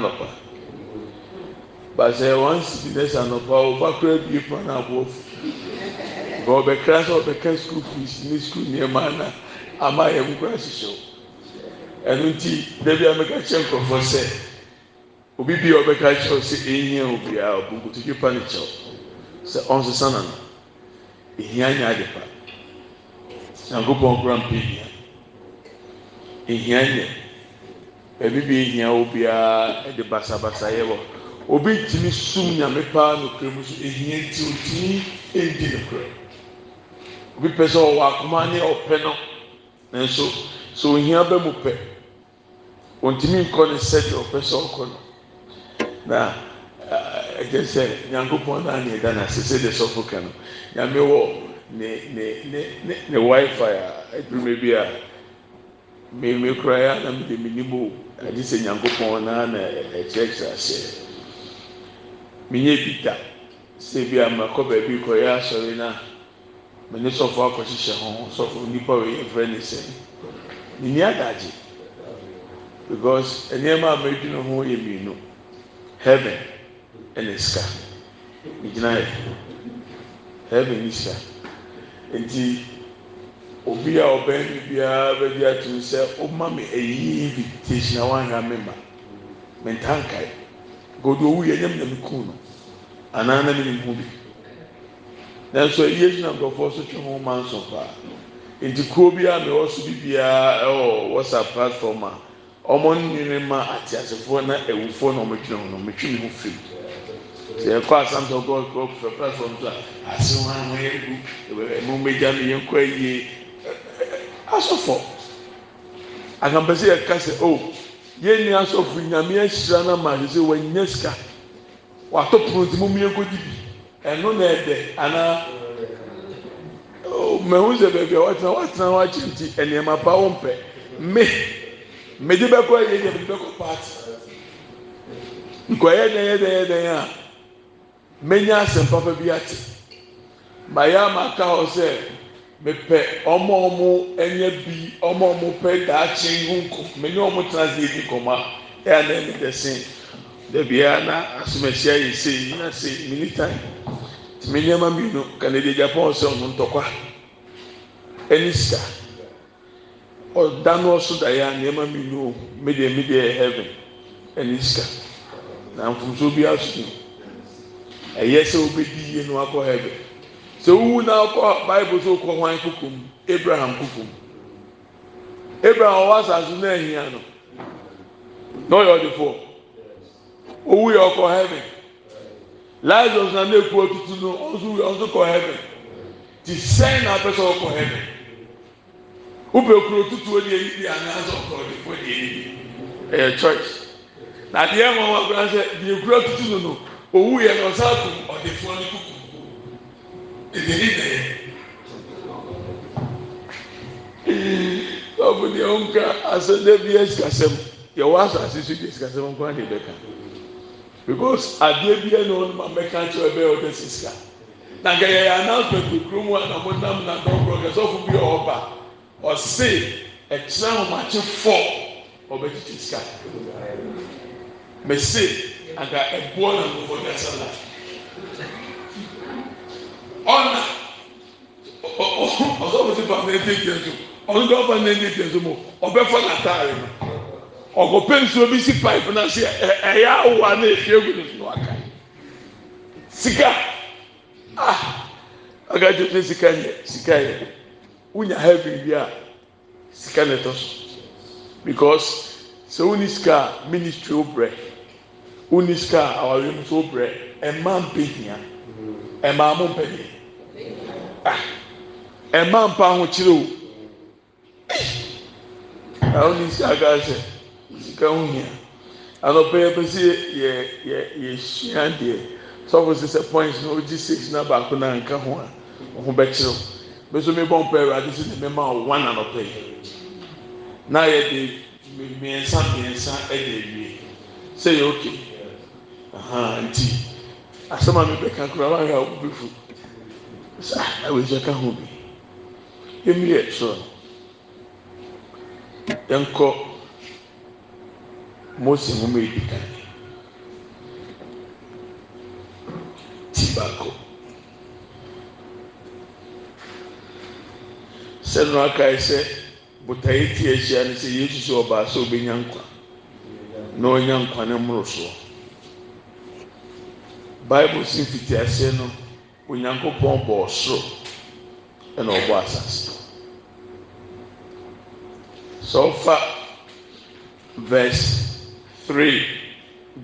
anɔpa basɛ wɔn si ne sɛ anɔpa ɔba kura bie pa na aboɔ nka ɔbɛkra sɛ ɔbɛka sukuu fees ne sukuu nneɛma na ama yɛ mu kura hyehyɛ o ɛnu ti dɛbi amɛka kyɛ nkorɔfo sɛ obi bi ɔbɛka kyɛw sɛ ehia obiara ɔbunkutu pepa ne kyɛw sɛ ɔnsesa na no ehia nya adi pa nyankopɔn kura mpe ehia ehia nyɛ ebi bi ehia obiara ɛde basabasayɛ wɔ obi tìmi sum nyame paa nukuri mu so ehia ti o tìmi edi nukuri obi pɛ sɛ ɔwɔ akoma ne ɔpɛ no nanso sɛ ohia bɛ mu pɛ ontìmi nkɔ ne sɛde ɔpɛ sɛ ɔkɔ no na ɛkyɛ sɛ nyankopɔn naa ne ɛda na sese de sɔfo ka no nyame wɔ ne ne ne ne ne wifi a ɛduruma bi a mmemme kura ya na mi de mi nim o agye sɛ nyankopɔn naa na ɛkyerɛkyerɛ aseɛ menyɛ bi da sɛ bi a mmakɔ baabi kɔyɛ asɔre na mene sɔfo akɔhyehyɛ ho sɔfo nipa wei yɛfrɛ ne sɛn menni adagye because nneɛma a madwene ho yɛ mmienu heaven ɛna sika megyina yɛ heaven ne sika nti obi a ɔbɛn ni biara bɛbi ato sɛ ɔma mi ɛyi bi tehyina wanya mi ma mɛnta nkae godo owu yɛ nyɛm na mi kun no anaa na mi ni mu bi nanso ɛyɛ gyina nkurɔfoɔ so twɛn ho ma nso paa nti kuo bi a mi wɔ so bi biara ɛwɔ whatsapp platform a wɔn nyere ma ate asefoɔ na ewufoɔ na wɔn twɛn ho na wɔn twɛn ho firi sɛ ɛkɔ asamtɔ kɔ kɔ fɛ platform so a ase wɔn ahoyɛ gu ɛmu mmegya no yɛn kɔ yie asɔfo akampɛ sɛ yɛka oh, o yɛn ni asɔfo nyame ahyira ma ama sɛ wɔanya sika wɔatɔ pono nti mu mmea nkɔgyi bi ɛno na ɛdɛ anaa oh, mɛhu sɛ baabi a wɔatena wɔatena hɔ akyi nti nneɛma pa wo mpɛ me mede bɛkɔ yɛ deɛ mede bɛkɔ paati nkɔyɛ dɛn yɛ dɛn yɛ dɛn a mɛnya asɛm papa bi ate ma yɛ ama ka hɔ sɛ mepɛ ɔmo ɔmo ɛnyɛ bi ɔmo ɔmo pɛ daakye ho nko menye ɔmo tena ase edi nkɔmɔ a ɛyà na ɛmi dɛsɛ dɛbi ɛyà na asomɛsia yɛ se yi na se mini tan tìmɛ nneɛma mmienu kanadi japan sɛ ɔmo ntɔkwa ɛne sika ɔdan ɔso da ya a nneɛma mmienu o media media yɛ heaven ɛne sika na nfunso bi aso mu ɛyɛ sɛ obi di yie na wakɔ heaven sɛ wowu na ɔkɔ bible so kɔ wan kukum abraham kukum abraham ɔwɔ asase na ahia no na ɔyɛ ɔdefoɔ owu yɛ ɔkɔ heaven lazarus na ne kuo tutu no ɔnso ɔnso kɔ heaven ti sɛn na apɛ ɔkɔ heaven ube kuro tutu ɛdi ɛyi bi anaasɛ ɔkɔ ɔdefoɔ ɛdi ɛyi bi ɛyɛ choice na adeɛ ɛmɔ wɔn akora sɛ deɛ kuro tutu no no owu yɛ na ɔsan kum ɔdefoɔ no kukum. ɔbu deɛ ɔnka asɛnde bi asikasɛm yɛwɔ asase so deɛ sikasɛm nkoa deɛ bɛka because adeɛ bi ɛna wɔn ma mɛka kyerɛ ɛbɛyɛ ɔbɛ si e sika e na nka ya announcement kuro mu mụ na mo nam na dɔnkoro kɛsɛɔfo bi ɔba ɔse ɛkyerɛ ahomakye fɔ ɔbɛtete sika mɛse anka ɛboɔ na nkɔfɔ kɛsɛ la. ɔna ɔsɔfo ti papa ɛdi eti ɛso ɔno de ɔfa na ɛdi eti ɛso mu ɔbɛfɔ n'ataare mu ɔkɔpɛ nsuo bi si pipe na se ɛyɛ awoa na efi egu ne so aka sika ah aka tẹ tẹ sika yɛ sika yɛ wunya ha biribi a sika na ɛtɔ so because sɛ wuni sika ministry o brɛ wuni sika awaari mu so o brɛ ɛmaa mpɛ hia ɛmaa mo mpɛ hia ɛma ah, mpa ahokyere o awo ah, ni si aka sɛ sika ho hia anɔpɛ yɛ pɛsi yɛ yɛ yɛ sua deɛ sɔfo sisɛ point na o gyi six na baako na nka ho a ɔho bɛkyerɛ o bɛ so mi bɔ mpa awurade si ne mɛma o one anɔpɛ yɛ na yɛ de mmiɛnsa mmiɛnsa ɛde ewie sɛ yɛ okay nti asɛm a mi bɛka kura wa yɛ a o fu sá awo ìjẹ ká ho bi emilie sọrọ yẹn kọ mose nwoma edi kan ti baako sẹnu akae sẹ botae ti ahyia no sɛ yesu sɛ ɔbaa sɛ ɔbɛnya nkwa na ɔnya nkwa ne mmoro soɔ bible si mfitiaseɛ no. onyankopɔn bɔɔ soro ɛne ɔbɔ asase sɛ wɔfa vers t3r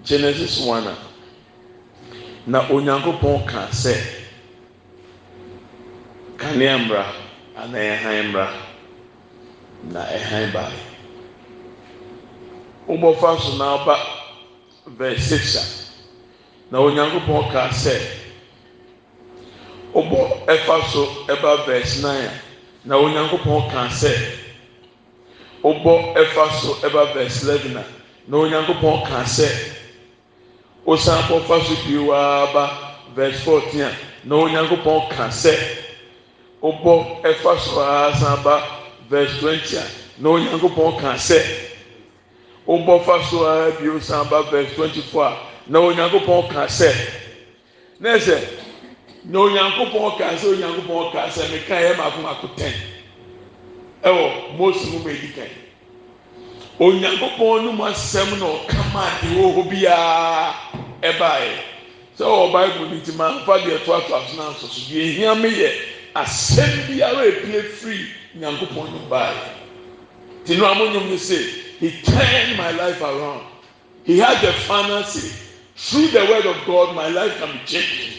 genesis one a na onyankopɔn ka sɛ kaneɛmmara anaa ɛhanmmara na ɛhan baare wobɔfa so nawɔba vers six a na onyankopɔn ka sɛ ɔbɔ ɛfa so ɛba verse nine na onyankopɔn kan sɛ ɔbɔ ɛfa so ɛba verse eleven na onyankopɔn kan sɛ ɔsan kɔfa so pii waa ba verse fourteen na onyankopɔn kan sɛ ɔbɔ ɛfa so asan ba verse twenty na onyankopɔn kan sɛ ɔbɔ fa so ara ɔsan ba verse twenty four na onyankopɔn kan sɛ na na onyankopɔn kaa sɛ onyankopɔn kaa sɛ meka yɛ baako baako ten ɛwɔ mose mu bɛdi kan onyankopɔn no mu asɛm na ɔka maa de wɔ hɔ biara ɛbaeɛ sɛ ɔwɔ baibul bi ti ma nfa deɛ to ato aso na nsoso deɛ ehia mi yɛ asɛm biara epie firi nyankopɔn no baeɛ te no amonyom no say he turned my life around he had the final say through the word of god my life can be changed.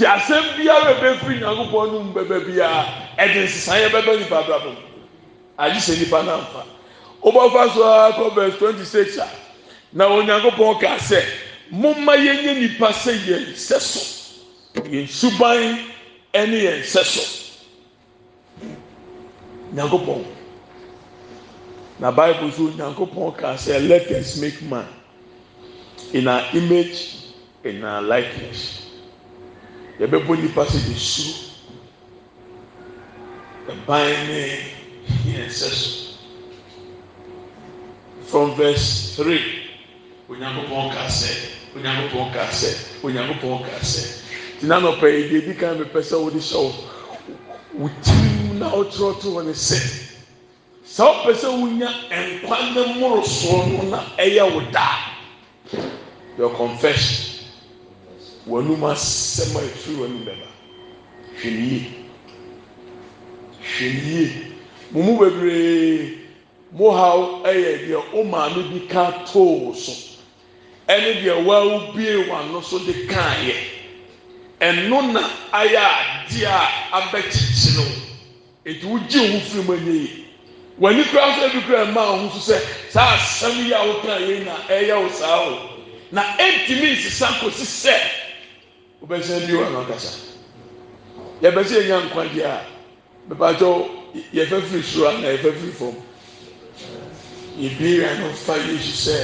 nti asɛm biara bɛfiri nyankopɔn no mu bɛbɛ biara ɛde nsesaeɛ bɛbɛ nipa abrabɔ agye sɛ nipa n'amfa wobɛfa so a kɔ verse twenty six a na onyankopɔn kaa sɛ momma yɛnyɛ nipa sɛ yɛn nsɛ so yɛn suban ɛne yɛn nsɛ so nyankopɔn na bible so nyankopɔn kaa sɛ let us make man in our image in our likeness yɛbɛbɔ nipa sɛ de suru ɛban ne yɛn nsɛ so from verse three onyankopɔn ka sɛ onyankopɔn ka sɛ onyankopɔn ka sɛ ti na nɔpɛ yi deɛ di kan mepɛ sɛ wɔde hyɛ wɔ wotiri mu na ɔtɔrɔtɔ wɔ ne sɛ sɛ ɔpɛ sɛ wonya nkwa ne mmorosoɔ no na ɛyɛ wo daa your confession wɔnum asɛm a ɛfiri wɔnum bɛba hwɛ ne yie hwɛ ne yie mo mu bebree mo haw ɛyɛ deɛ o maame bi ka too so ɛne deɛ wawu bie wano so de kaa yɛ ɛno na ayɛ adeɛ a abɛkyekyere wo eti wogye wo firi mu ɛnyɛ yie w'ani kura nso ebi kura mmaa ho nso sɛ saa asɛm yi a wokaa yɛ na ɛyɛ wo saa o na ɛntumi nsesa kɔsi sɛ wobɛhyɛn bi wɔ ano akasa yɛbɛsɛ yɛnya nkwagye a bɛpɛtɔ yɛfɛ firi soro a na yɛfɛ firi fam yɛbie ano fa yesu sɛ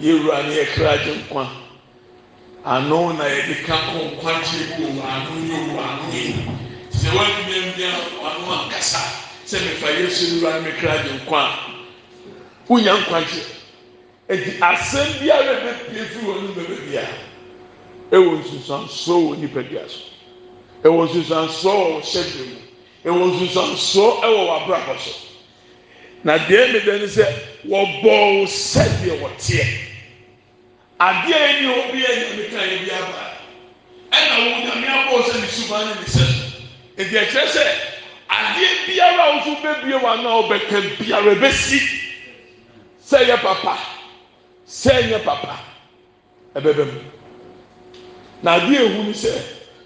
yɛwura ne yɛkra agye nkwa ano na yɛde ka ko nkwakyerɛ e bi wɔ ano yɛ wɔ ano yɛ sɛ wadumia mia ano ankasa sɛ mefa yesu wura ne mekra agye nkwa a wonya nkwagye eti asɛm biara bɛpie firi wɔn mu bɛbɛ biara ɛwɔ nsunsansoɔ wɔ nipadua so ɛwɔ nsunsansoɔ wɔ hyɛdwe mu ɛwɔ nsunsansoɔ ɛwɔ w'abrabɔ so na deɛ mi dɛ ni sɛ wɔbɔɔ wo sɛdeɛ wɔteɛ adeɛ yɛ ni obi yɛ nyame kan yɛ bi aba ɛna wɔn nyame abɔɔ sɛ ne suba ne ne sɛ ɛdi ɛkyerɛ sɛ adeɛ biara a woso bebie wa na ɔbɛka biara ɛbɛsi sɛ yɛ papa sɛ yɛ papa ɛbɛbɛ mu na adeɛ ehu ni sɛ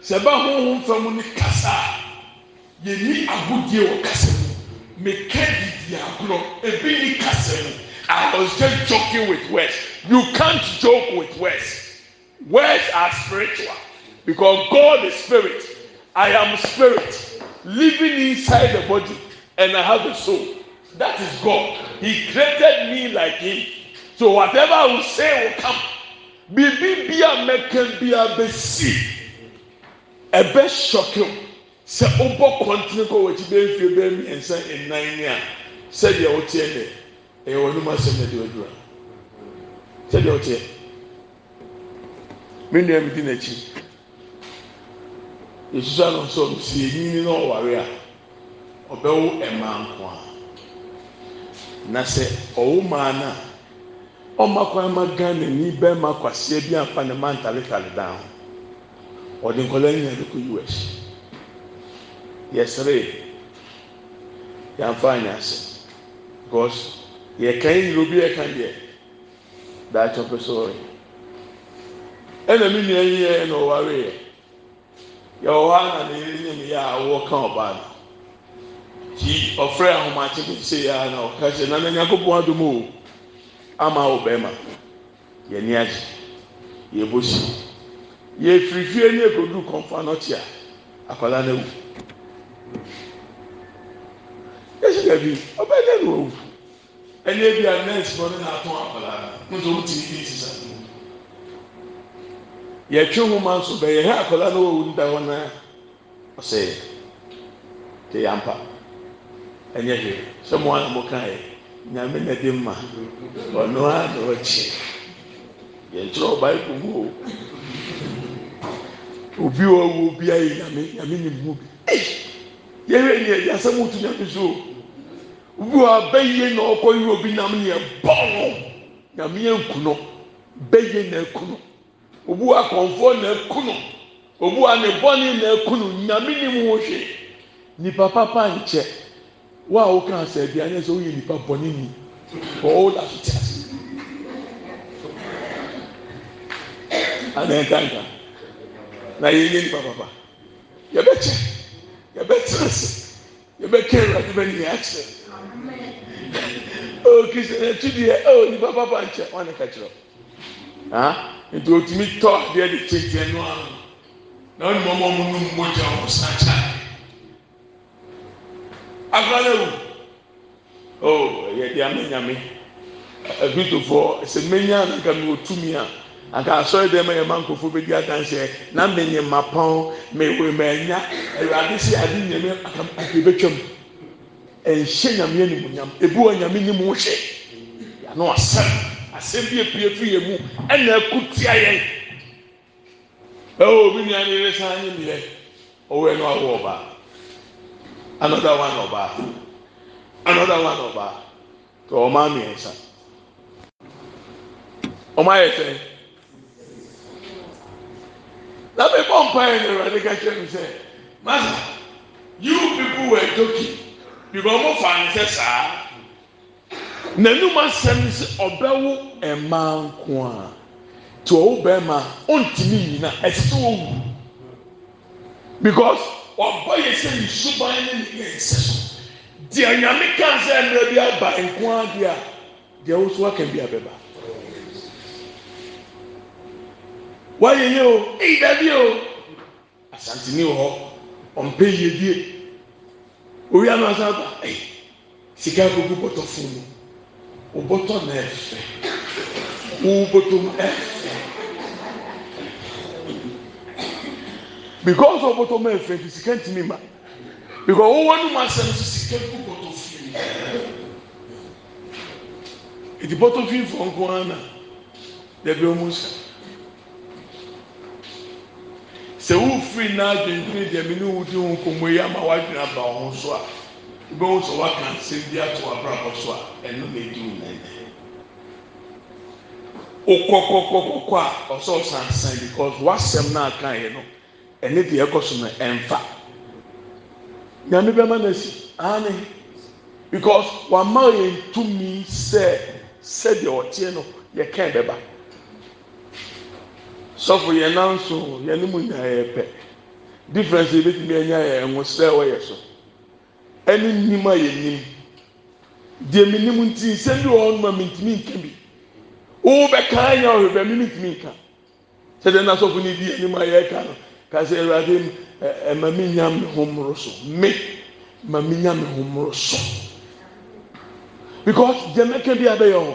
sɛ ɛba honhom fam ni kasa yɛni agodie wɔ kasa mu meka didi agorɔ ebi ni kasa i was just joking with words you can't joke with words words are spiritual because god is spirit i am spirit living inside the body and i have a soul that is god he created me like him so whatever i will say will come biribi bi a mɛka bi a bɛsi ɛbɛ hyɔkew sɛ wobɔ kɔntene kɔ wɔ akyi bɛyɛ mfie bɛyɛ mmiɛnsa nnan ni a sɛdeɛ woteɛ nɛ ɛyɛ wɔn anum asɛm na deɛ wadura sɛdeɛ woteɛ me nua mi di n'akyi yesusu ano nso si enyini na ɔware a ɔbɛwo ɛmaa nko a na sɛ ɔwo maa na ɔma kwan ama ghana ni bɛrima kwaseɛ bi afa ne ma ntaletale dan ho ɔde nkɔla nyina de kɔ us yɛsere yɛmfa anya ase because yɛkan nyina obi yɛka deɛ daakye ɔpɛ sɛ ɔyɛ ɛna mi nua yi yɛ ɛna ɔware yɛ yɛwɔ hɔ ana ne yɛn nyɛ yɛ a wɔka ɔbaa no ti ɔfrɛ ahomakye bi ti sɛ yɛ a na ɔka sɛ na na nyakopɔn adomo o ama wo bɛrima yɛni agye yɛbɔ si yɛfirifie ne ekodu kɔnfa n'ɔkye a akwadaa n'awu yɛsi dabi ɔbɛn dɛ na owu ɛni ebi a nɛɛsi wɔn na atɔn akwadaa no nso wɔn ti bi sisa yɛtwe nwoma nso bɛyɛ hɛ akwadaa no owu da hɔ naa ɔsɛ yɛ te yampa ɛnyɛ hwɛ sɛ mo anamɔ kan yɛ nyame na de ma ɔno a na ɔkye yɛntwerɛ ɔbaako mu o obi a ɔwɔ obi ayi nyame nyame ne mu bi yɛhwɛ ni ɛdi asɛm otu nyame so obi a bɛyɛ na ɔkɔ yi obi nam ne ɛbɔ no nyame ɛnku no bɛyɛ na ɛku no obi a kɔnfoɔ na ɛku obi a ne na ɛku nyame ne mu hwɛ nipa papa nkyɛ wo a woka asɛ bi anyɛ sɛ woyɛ nipa bɔne ni ɔwɔ da so te ase anɛnkanka na yɛyɛ nipa papa yɛbɛkyɛ yɛbɛtena ase yɛbɛkɛ awurade bɛ nyinaa akyerɛ o kristian etu deɛ o nipa papa nkyɛ ɔne kakyerɛ ha nti otumi tɔ adeɛ de kyenkyen no ano na ɔne mɔmɔ mu no mu mogya ɔmo san kyɛ akora oh, uh, na oh ɛyɛ deɛ ame nyame ɛbitofoɔ sɛ mmenya anka mi otumi a anka asɔre dɛm ɛyɛ ma nkorofo bɛ di adanseɛ na mmenya ma pɔn mɛwɛ mɛnya ɛwurade si adi nyame akam ake bɛtwam ɛnhyɛ nyame anim nyam ebi wɔ nyame anim hwɛ yanu asɛm asɛm bi epie fi yɛ mu ɛna ɛku tia yɛn ɛwɔ obi nua ne yɛ san ne yɛ ɔwɔ awɔ ɔbaa another one ọbaa another one ọbaa tọ ọmọ mmiɛnsa ọmọ ayɛ tɛ labɛn bɔ mpa yɛ na ɛwɛde kakyɛ mi sɛ masa you people were joking because ɔmo fa nsɛ saa n'anum asɛm sɛ ɔbɛwo mmaa nko a tí ɔwɔ bɛrima ɔntumi yi na ɛsɛ sɛ ɔwu because wabɔ yɛ sɛ nsuban ne ne yɛ nsɛ so deɛ nyame kan sɛ mmerɛ bi aba nko ara deɛ a deɛ woso aka bi abɛba wayɛ yɛ o eyi dabi o asantini wɔ hɔ ɔmpɛ yie die owia no asan ba ɛyi sika agogo bɔtɔ funu o bɔtɔ na ɛfɛ wo bɔtɔ mu ɛfɛ. because of ọbọtọ mọ efe nti sika ntumi ma because wọn wọn mu asẹm ti sika kú bọtọ fi ètí bọtọ fi fọ nko ara na dẹbi ọmọ sẹ sẹ wọn firi náà dwendwene deɛ mi ni wọn di wọn kọ mu yi ama wọn adwene aba wọn so a ebi wọn sọ wọn kan sẹ bi ato abrabọ so a ɛno na edi wọn nan okɔkɔkɔkɔkɔ a ɔsɛ ɔsan san because wasɛm naa kan yɛ no ɛne deɛ ɛkɔ so no ɛnfa nyame bɛma no asi aane because wama yɛn tumi sɛ sɛdeɛ ɔteɛ no yɛka bɛba sɔfo yɛn nan so yɛn mu nyinaa yɛ pɛ difference yɛ bɛtumi anya yɛ ɛnwosrɛ wɔyɛ so ɛne nim a yɛ nim deɛ mi nim nti nsɛm bi wɔ hɔ noma mi ntumi nka bi wo bɛka anya ɔhwɛ bɛ mi mi ntumi nka sɛdeɛ na sɔfo ne di anim a yɛ ka no kasị awurade ma mi nya mi ho mmoro so me ma mi nya mi ho mmoro so because jẹmẹkẹ bi abẹyẹ hɔ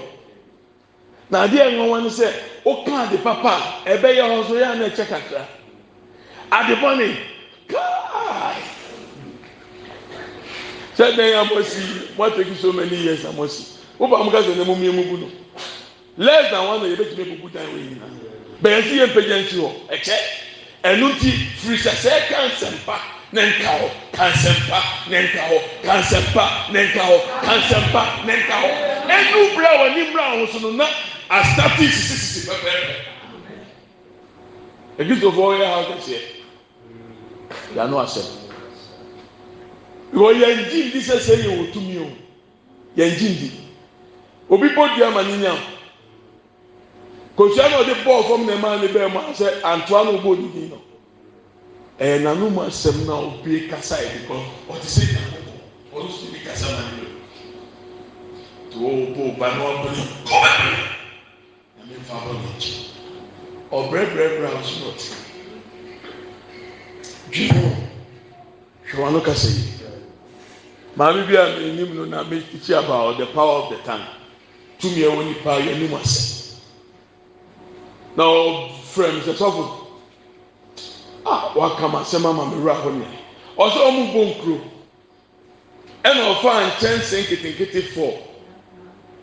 na adeɛ nwanwa no sɛ ɔka ade papa a ɛbɛyɛ hɔ nso yɛ ɛkyɛ kakra ade bɔne kaa sɛ dan yɛ amɔsi mo ataki so many years amɔsi woba mo kasa na mo mie mo gu no less than one na yɛ bɛtumi ebugu dan wɔ yi nyinaa bɛyɛ si yɛ mpagya nti hɔ ɛkyɛ ɛnu ti firi sɛsɛ ka nsɛmpa ne nka hɔ ka nsɛmpa ne nka hɔ ka nsɛmpa ne nka hɔ ka nsɛmpa ne nka hɔ ɛnu bra wɔ ni bra wɔ so no na asate sisisisi pɛpɛɛpɛ ebisofoɔ yɛ ha kɛseɛ yanu asɛm wɔ yɛn gyi ndi sɛsɛ yɛ wɔ tumi o yɛn gyi ndi obi bɔ dua ma ne nyam kòsua na ɔde bɔɔl fam na ɛmaa ne bɛɛ mu asɛ antoa na ɔbɔ ne din no ɛyɛ nanum asɛm na ɔbie kasa yɛ bɔ ɔte sɛ nyankopɔ ɔno so bi kasa ma ne bɛmu to ɔbɔ ɔba na ɔbɔ ne kɔba ne na me nfa bɔ ne nkyɛn ɔbrɛbrɛbrɛ ahosuo na ɔte dwi ho hwɛ wɔn ano kasa yi maame bi a menim no na mekyia about the power of the tongue tumi ɛwɔ nipa yɛ anim asɛm na ɔfrɛ mi sɛ sɔfo a waka ma sɛm ama mi wura hɔ nea ɔsɛ ɔmo bɔ nkuro ɛna ɔfa nkyɛnse nketenkete fɔ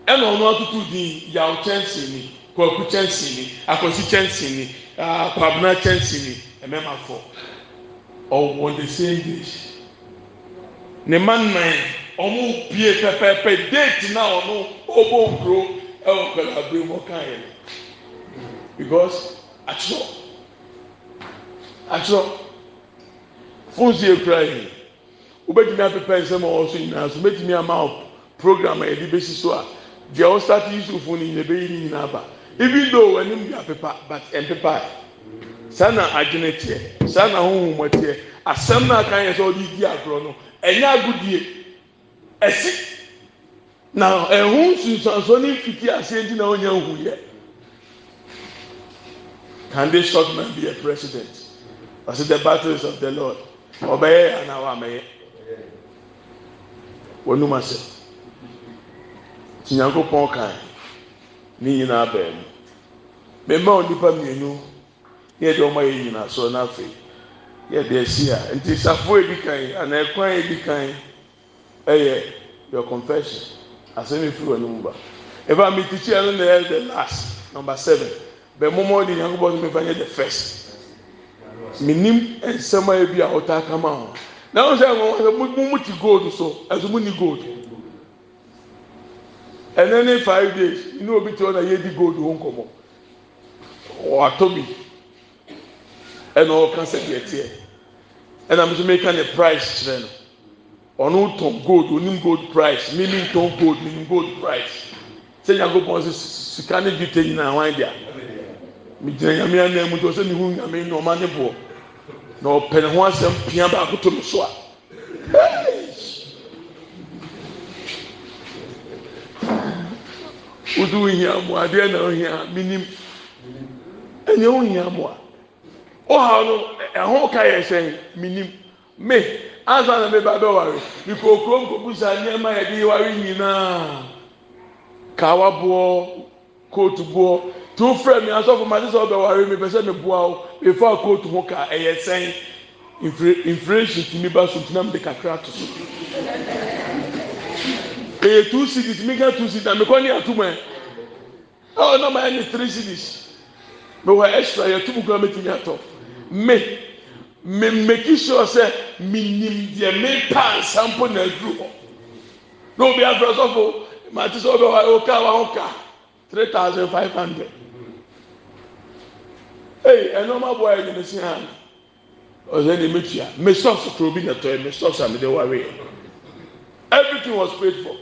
ɛna ɔno atutu din yaw kyɛnse ni kɔɔku kyɛnse ni akɔsi kyɛnse ni apabena kyɛnse ni ɛmɛma fɔ ɔwɔ the same dish ne ma nnan ɔmo pie pɛpɛɛpɛ deeti na ɔno ɔbɔ nkuro ɛwɔ pɛlɛ abiri mu ɔka yɛ no. Oh, because atwerɛ atwerɛ fone si ekura yi wobɛtumi apepa nsɛm a ɔwɔ so nyinaa so wobɛtumi ama program a yɛde besi so a deɛ ɔsati yusuf no nyina bɛyi ne nyinaa ba even though wɔnim bi apepa but mpepa saa na adwene teɛ saa na ahohoma teɛ asɛm na aka yɛ sɛ ɔde di agorɔ no ɛnyɛ agodie ɛsi na ɛho nsunsanso ne mfiti aseɛ nti na ɔnyɛ nhu yɛ can this short man be a president I ɔsi the battles of the lord ɔbɛyɛ anaa wàmɛyɛ wɔnum ase tinyanko pɔn kan ne nyinaa bɛn mu mɛma wɔn nipa mmienu ne yɛ de wɔn ayɛ nyinaa so n'afɛ yɛ de ɛsi a nti safo edi kan anaa ɛkwan edi kan ɛyɛ your confession asɛm efiri wɔn mu ba eba mi tikyi ɛno na ɛyɛ the last number seven bɛn mɔmɔ de nyankopɔ so mefa nyɛ the first menim nsɛm a ebi a ɔtaa kama ho na wɔn sɛ wɔn sɛ mo mo ti gold so ɛso mo ni gold ɛnɛ ne five days ne obi ti hɔ na yɛ di gold ho nkɔmɔ wɔatɔ bi ɛna ɔka sɛ deɛ teɛ ɛna mo nso meka ne price kyerɛ no ɔno tɔn gold onim gold price mimi tɔn gold minim gold price sɛ nyankopɔn sɛ sika ne dwetɛ nyinaa wɔn adeɛ. megyina nyame anaa mu to wɔ sɛ ne hu nyame noɔma ne boɔ na ɔpɛ ne ho asɛm pia bɛakoto n so a wode wo hia moa deɛ na wo hia mennim ɛneɛ ho hia moa wo haw no ɛho ka yɛ hyɛn mennim me asa na mɛbɛa bɛware mikookuro m kɔku sannoɔma yɛde yware nyinaa kawaboɔ kɔotuboɔ tu fẹ́ mi asọ́fún ma sísọ ọbẹ̀ wàrí mi pẹ̀sẹ̀ mi bua o efa kóòtù ho ka ẹ̀yẹ sẹ́yìn inflation ti mi ba so tí náà mi de kakra to so èyẹ two cities mi ká two cities na mi kọ́ ní àtúmọ̀ ẹ̀ ẹ̀ ọ̀ náà ma yẹ three cities mi wọ extra yẹ túmù kúrò mi ti ní àtọ̀ mi mi mèkì sọ sẹ mi nìm diẹ mi pa nsampo na ẹduru hɔ n'obi afra sọfọ màá ti sọ ọbẹ̀ wàrí o ká wa ho ká three thousand five hundred eyi ɛnɔɔma bɔ ɛyɛ ne sin ano ɔsɛ ne mi tia mi kuro bi na tɔ yɛ mi sɔks a mi wari yɛ everything was paid for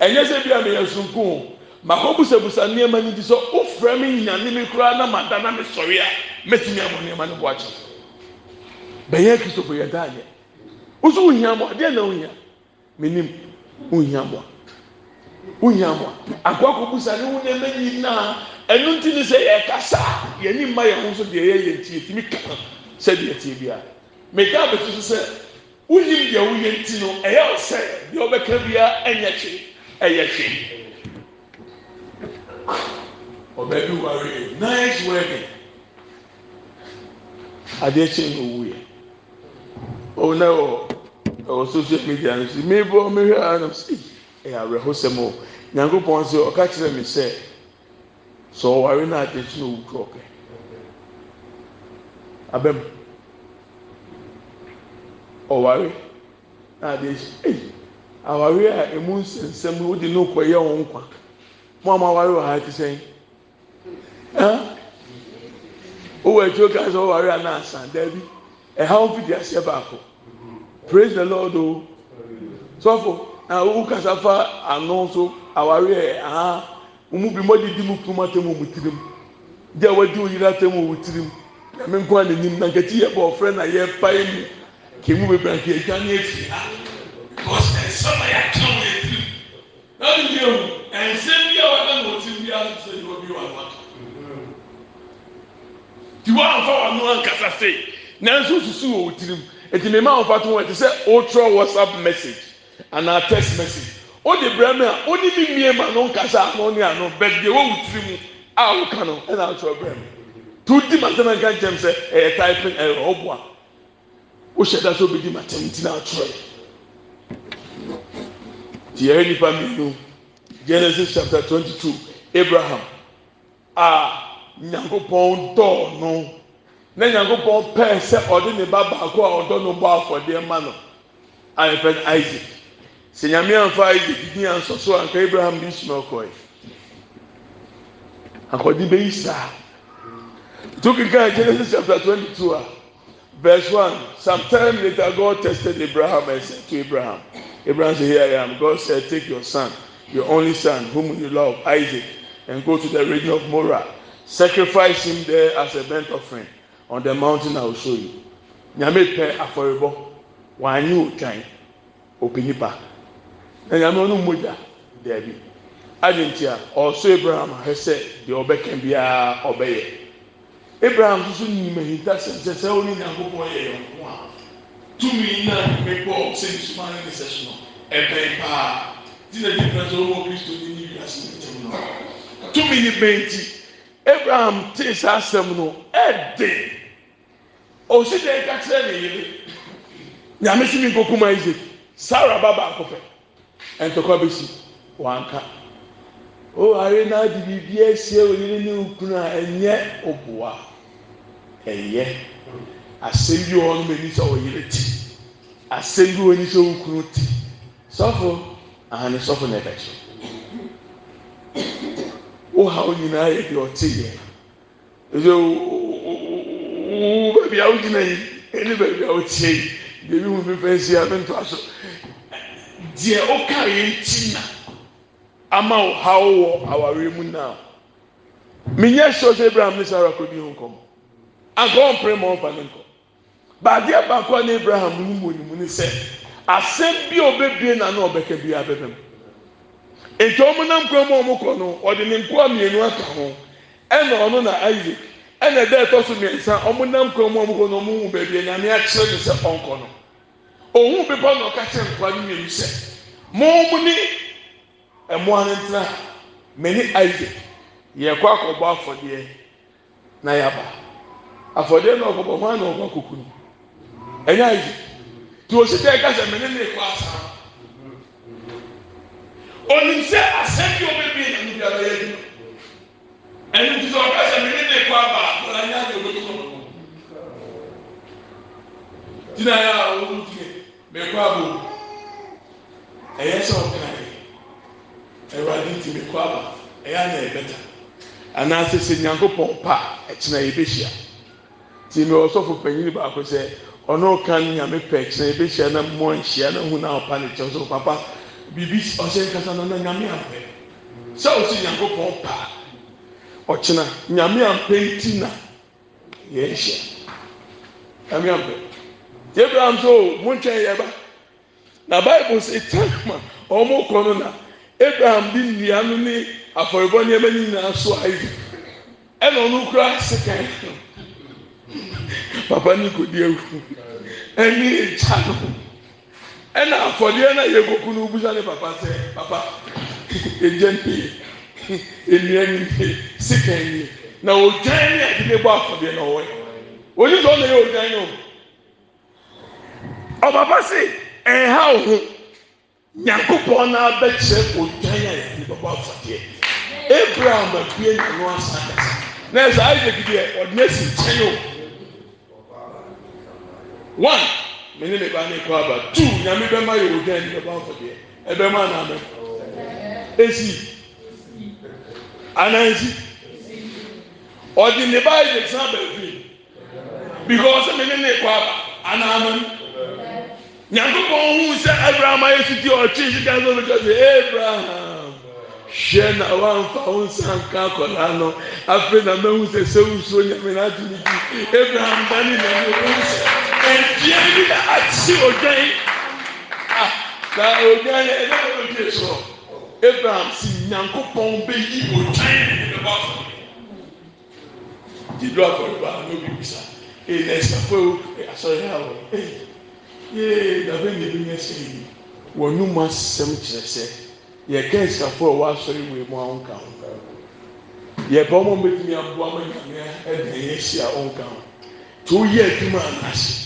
ɛnyɛ sɛ bi a mi yɛ sunkun ma kɔ busabusa nneɛma ni bi sɛ o fura mi nya ne mi kura na ma da na mi sɔre a mi ti mi amɔ nneɛma ne bɔ akyɛ bɛyɛ kristofo yɛ daa yɛ wosow hiamɔ adeɛ na ohia mi nim ohia mɔ. wohia mo a akoakɔbusa ne wo nneɛma nyinaa ɛno nti ya sɛ yɛkasa ni mma yɛn ho nso deɛ yɛyɛ nti yɛtumi ka sɛdeɛ tie bia meka bɛto sɛ wonim deɛ woyɛ nti no ɛyɛ e wo deɛ wobɛka bia ɛnyɛ e ɛyɛ e bi nice wedding adeɛ na owu yɛ ɔwɔ na social media no si ɛyɛ awerɛhosɛm o nyankopɔn sɛ ɔka kyerɛ me sɛ sɛ ɔware no adenkyi na ɔwutu ɔkɛ abɛm ɔware na adenkyi ɛyi aware a emu nsɛnsɛm no wodi no kɔ yɛ wɔn nkwa mo ama aware wɔ ha ti sɛn ɛn owó ɛtí o sɛ ɔware a na asan dɛbi ɛha ofi di aseɛ baako praise the lord o sɔfo. So na ah, wo kasa fa ano nso awari ɛ aha mu bi mo didi mu kuma te mu mu tirim di a wadi oyira te mu mu tirim na mi nko a nim na nkati yɛ bɔ ɔfrɛ na yɛ pae mu ke mu bebree nke etwa ne efi ha because nsɛm a yɛaka wɔ efi na ɔmo di ewu nsɛm bi a wɔaka na ɔti bi a sɛ yɛ ɔbi wɔ ano ti wɔ anfa wɔn ano ankasa se nanso susu wɔ wɔn tirim eti mɛma wɔn fa to wɔn ti sɛ ɔtwerɛ whatsapp message. ana text message o de brɛ mi a o ni mi mie ma no nkasa ano na ano bɛt deɛ wɔn tiri mu a wɔka no ɛna atwerɛ brɛ mi tu di ma sɛmɛ nka nkyɛn sɛ ɛyɛ typing ɛyɛ ɔboa o hyɛ da so bi di ma tɛm ti na atwerɛ ti yɛ nipa mienu Genesis chapter twenty two Abraham a nyankopɔn dɔɔ no na nyankopɔn pɛɛ sị ọ dị n'ịba baako a ɔdɔ no bɔ afɔdeɛ ma no a yɛ Isaac. aaesis hater 22ssomtimlaergod testedabraham andsaidto arahamragod said take your son your only son whom you love isaac and go to the ragin of mora sacrifice himthere as a bent offin on the mountainiwl youameae nyame ɔno mogya daabi adi nti a ɔsɔ abraham ahɛ sɛ deɛ ɔbɛka biara ɔbɛyɛ abraham nso nim ahinta sɛ sɛ sɛ ɔne nyankopɔn yɛ yɛn ho a tumi na mepɔ sɛ nsuma no ne sɛ so no ɛbɛn paa ti na bi na sɛ ɔwɔ kristo ne ne wiase ne ntɛm no tumi ne bɛn ti abraham tee saa asɛm no ɛde ɔsi dɛ ɛka kyerɛ ne yere nyame si mi nkokuma isaac sarah ba baako pɛ. ntɔkwa bɛsi aka. o are na adi biribi asie wɔ ne ne a ɛnyɛ ɛyɛ asɛm bi ani sɛ ti asɛm bi ani sɛ ti sɔfo ahane na ɛbɛ so O ha o nyinaa yɛ deɛ ɔte yɛ ɛsɛ wo baabi a yi ɛne baabi a wotie yi deɛ bi mu si a deɛ ɔka yɛ na ama ɔhaw wɔ awaare mu na menyɛ sɛ abraham ne sara kɔ di ho nkɔm anka ɔmpere ma ɔmfa ne nkɔ baadeɛ baako a ne abraham mu ne sɛ asɛm bi a na na ɔbɛka bi abɛbɛ mu nti wɔn na isaac ɛna ɛda ohu bepɔ na ɔka kyerɛ nkoa mmienu sɛ mo mo ne mmoa no ntena mene isaac yɛkɔ akɔbɔ afɔdeɛ na yɛaba afɔdeɛ na ɔkɔbɔ hwan na ɔkɔ akɔku no ɛnyɛ tí o si tẹ ɛka sɛ mene ne kɔ asa onim sɛ bi o bi ɛnu ti mekɔ abo ɛyɛ sɛ ɔkena yɛ ɛwurade nti mekɔ aba ɛyɛ ana ɛbɛta anaasɛ sɛ nyankopɔn pa ɛkyena yɛbɛhyia ti mi ɔsɔfo panyin baako sɛ ɔno ka nyame pɛ ɛkyena yɛbɛhyia na mmoa nhyia na hu na ɔpa ne kyɛw papa biribi ɔhyɛ nkasa na na nyame ampɛ sɛ ɔsi nyankopɔn pa ɔkyena nyame ampɛ ti na yɛn hyia nyame ampɛ abraham so o mo ntwɛn yɛ ba na bible sɛ tam a wɔn kɔ no na abraham de nnua no ne afɔrebɔ nneɛma nyinaa so ayi ɛna ɔno kura sekan papa ni kò di ewu ɛne egya no ɛna afɔdeɛ na yɛ koku no obusa ne papa sɛ papa egya mpie nnua ne sekan ne na odwan ne adi ne bɔ afɔdeɛ na ɔwɔ yi onye sɔ na yɛ odwan no ɔpapa se ɛha wo ho nyankopɔn na bɛkyerɛ odwan a yɛde bɛbɔ afadeɛ abraham abue nyano asa kasa na ɛsɛ isaac deɛ ɔde asi nkyɛn o one mene ne ba ne kɔ aba two nyame bɛma yɛ odwan yɛde bɛbɔ afadeɛ ɛbɛma na abɛ esi anansi ɔde ne ba isaac san bɛ fi because mene ne kɔ aba anamani. nyankopɔn hu sɛ abraham ayɛ siti ɔtwehyekan sɛ noksɛ abraham hyɛ na woamfa wo nsanka kɔdaa no afrɛ na mahu sɛ sɛ wo suo nyame no ade ne gi ah, abraham dane nn sɛ ie bina ate dwanaɛnɛɛ soɔ abraham sɛ nyankopɔn bɛyi owan nnɔs ddrnbsni asɔɛ yee dabe na ebi nye se yi wɔn num asɛm kyerɛ sɛ yɛ kɛnsafo a wɔasɔre wɔ emu a ɔnka ho yɛ bɛ ɔmo mbɛtumi aboa mo nyamea ɛna yɛ si a ɔnka ho tí o yɛ adwuma anase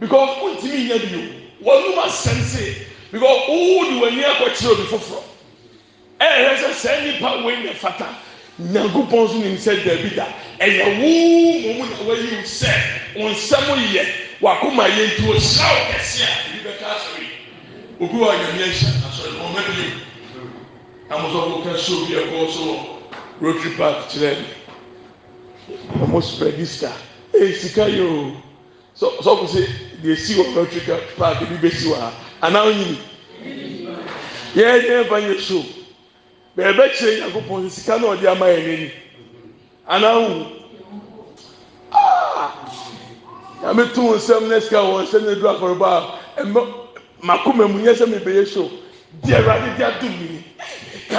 because o ntumi nya bi o wɔn num asɛm se because o de wɔn ani akɔkyerɛ obi foforɔ ɛyɛ sɛ sɛ nipa wei na fata nyankopɔn so nim sɛ dabi da ɛyɛ wuu mo mu na wɔyi o sɛ wɔn nsɛm yɛ. wakoma yɛnti wo sia wokɛsiɛ di bɛka sɔyi wɔkurwa nyameɛhyia asɔnmɔmadi namo sɔkowka sow bi ɛkɔɔ so ɔ rɔdry park kyerɛ ne ɔmospragiska sika yɛo sɔ ko sɛ deɛsi wɔ atrika park bi bɛsi w a anaa wonyini yɛyɛfa yɛ hɛw bɛyɛbɛkyerɛ nyankopɔn sɛ sika ne ɔde ama yɛ neni anaa wou ametoo nsɛm no sikaɔ nsɛne daɔbaa ɛmakomamunya sɛ mebɛɛ hyɛ de wurae de aomini ne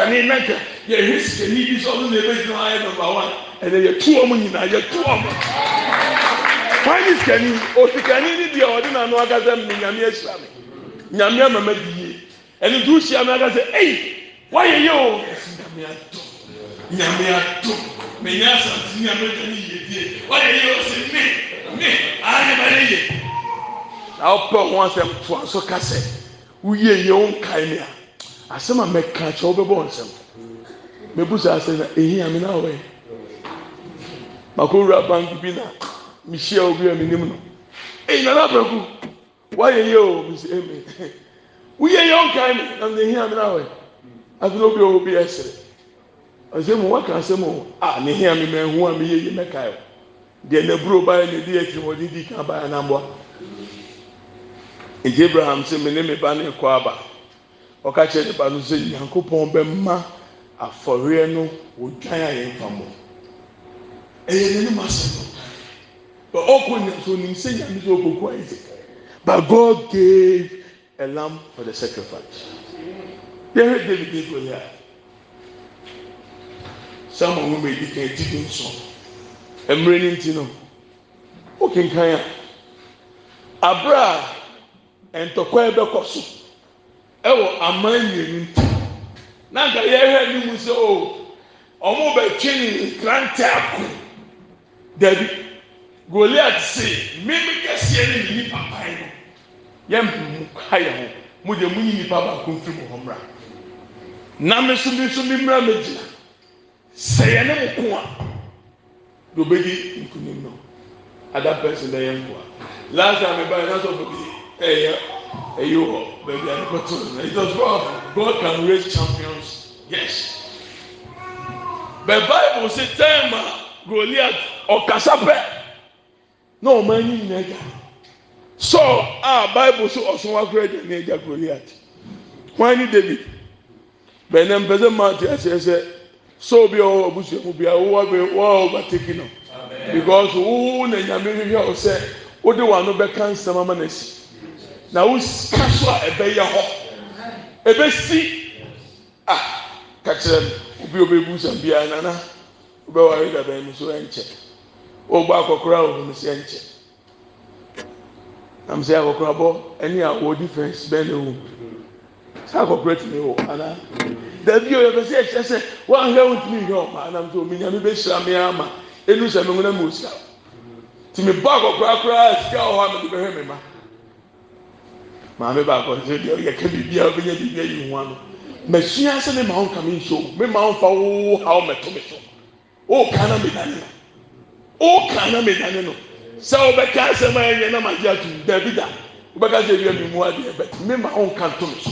yɛeiniiɛɔneɛɛnyɛɔm nyinaayɛ neskani ikani n dia ɔdenano aga sɛ mme nyame hame nyame ma madiye ɛne nto wohyiame aka sɛ wyɛyɛonaenɛ anemaneyɛ na wopɛ ho asɛm toa nso ka sɛ woyie yɛ wo nkae me a asɛm a mɛka kyɛ wobɛbɔ na ɛhia me na wɔyɛ makɔwura bank bi na mehyia wo bi a menim no na nabaku woayɛ yɛ o mesɛ ɛmi woyie yɛ wo nkae na mede ɛhia me na obi a deɛ nabro bayɛ ne ɛdiɛ akiri hɔde di kan baɛ namboa nti abraham sɛ menne me ba ne kɔ aba ɔka kyerɛ de ba no sɛ nyankopɔn bɛma afɔweɛ no wɔdwan ayɛ mkammɔ ɛyɛ nene masɛn b ɔkɔnya sɛ ɔnim sɛnyami sɛ ɔkɔku isak but god gave alarm for the sacrifice deɛhwɛ dabidebɔyɛ a samowomaɛdi ka gi dison mmerɛ no nti no wokenkan a aberɛ a ntɔkwa bɛkɔ so ɛwɔ aman mmienu nti na nka yɛhwɛ anim sɛ o oh, ɔmo bɛtwe nkrante ako dabi goliat se mímu kɛseɛ ne ne nipa pan no yɛmpimu ha yɛ ho mo deɛ mo yi nipa baako mfiri mo hɔ mmra na me so me so me mmra me gyina sɛ yɛ ne mo ko a. deɛ obedi nkunim no ada pɛsɛn bɛyɛ nkoa last time ɛba yɛ n'asɔ bɛbi ɛyɛ ɛyi wɔ bɛbi anakɔtɔ na it was God God can raise champions yes But bible say tɛɛma goliath ɔkasa pɛ na ɔmo anyi nyina gya sɔɔ a bible so ɔso wakora gya na ɛgya goliath wɔn ani david bɛnɛ mpɛsɛ maa ti ɛsɛ ɛsɛ so obi a ɔwɔ abusua mu bia wɔwɔ bɛ wɔwɔ ɔbateki no because wɔwɔ na nyame hwehwɛ ɔsɛ wɔde wɔn ano bɛka nsɛm ama n'akyi na wosika so a ɛbɛyɛ hɔ ɛbɛsi a kakyɛrɛ obi a ɔbɛbu nsɛm bia nana ɔbɛware da bɛn mu so ɛnkyɛ ɔbɔ akɔkora a ɔhun sɛ ɛnkyɛ nam sɛ akɔkora bɔ ɛne a wɔdi fɛnsi bɛn na sa sɛ akɔkora tumi wɔ ana dabi o yɛpɛ sɛ ɛkyɛ sɛ wɔahwɛ wɔn tumi nhwɛ ɔma anam sɛ omi nyame bɛhyira me ama enu sɛ mewuna mu osira tìmí baako korakora sika wɔ hɔ a mɛde bɛhwɛ mi ma maame baako sɛ deɛ ɔyɛ ka biribi a ɔbɛnya biribi ayi ho ano mɛsua sɛ mi ma ɔnka mi nsuo mi ma ɔnfa wo ha ɔmɛto mi so ɔɔka na mi dani no ɔɔka na mi dani no sɛ ɔbɛka asɛm a ɛnyɛ na ma gye atum dabi da ɔbɛka sɛ ebi ɛmi mu adeɛ bɛ mi ma ɔnka to mi so.